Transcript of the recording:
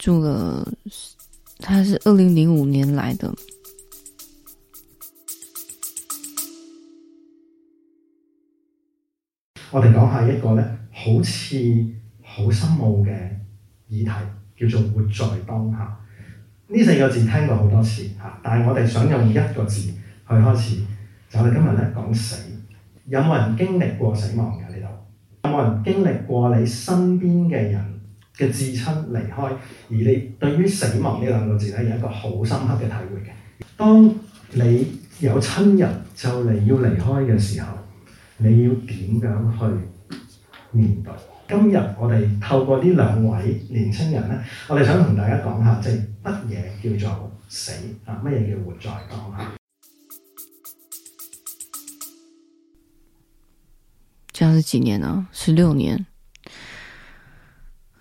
住了，他是二零零五年來的。 我哋講下一個呢，好似好深奧嘅議題，叫做活在當下。呢、啊、四個字聽過好多次吓、啊，但係我哋想用一個字去開始，就我哋今日嚟講死。有冇人經歷過死亡嘅？呢度有冇人經歷過你身邊嘅人？嘅至親離開，而你對於死亡呢兩個字咧有一個好深刻嘅體會嘅。當你有親人就嚟要離開嘅時候，你要點樣去面對？今日我哋透過呢兩位年輕人咧，我哋想同大家講下，即係乜嘢叫做死啊？乜嘢叫活在當下？這樣是幾年啊？十六年。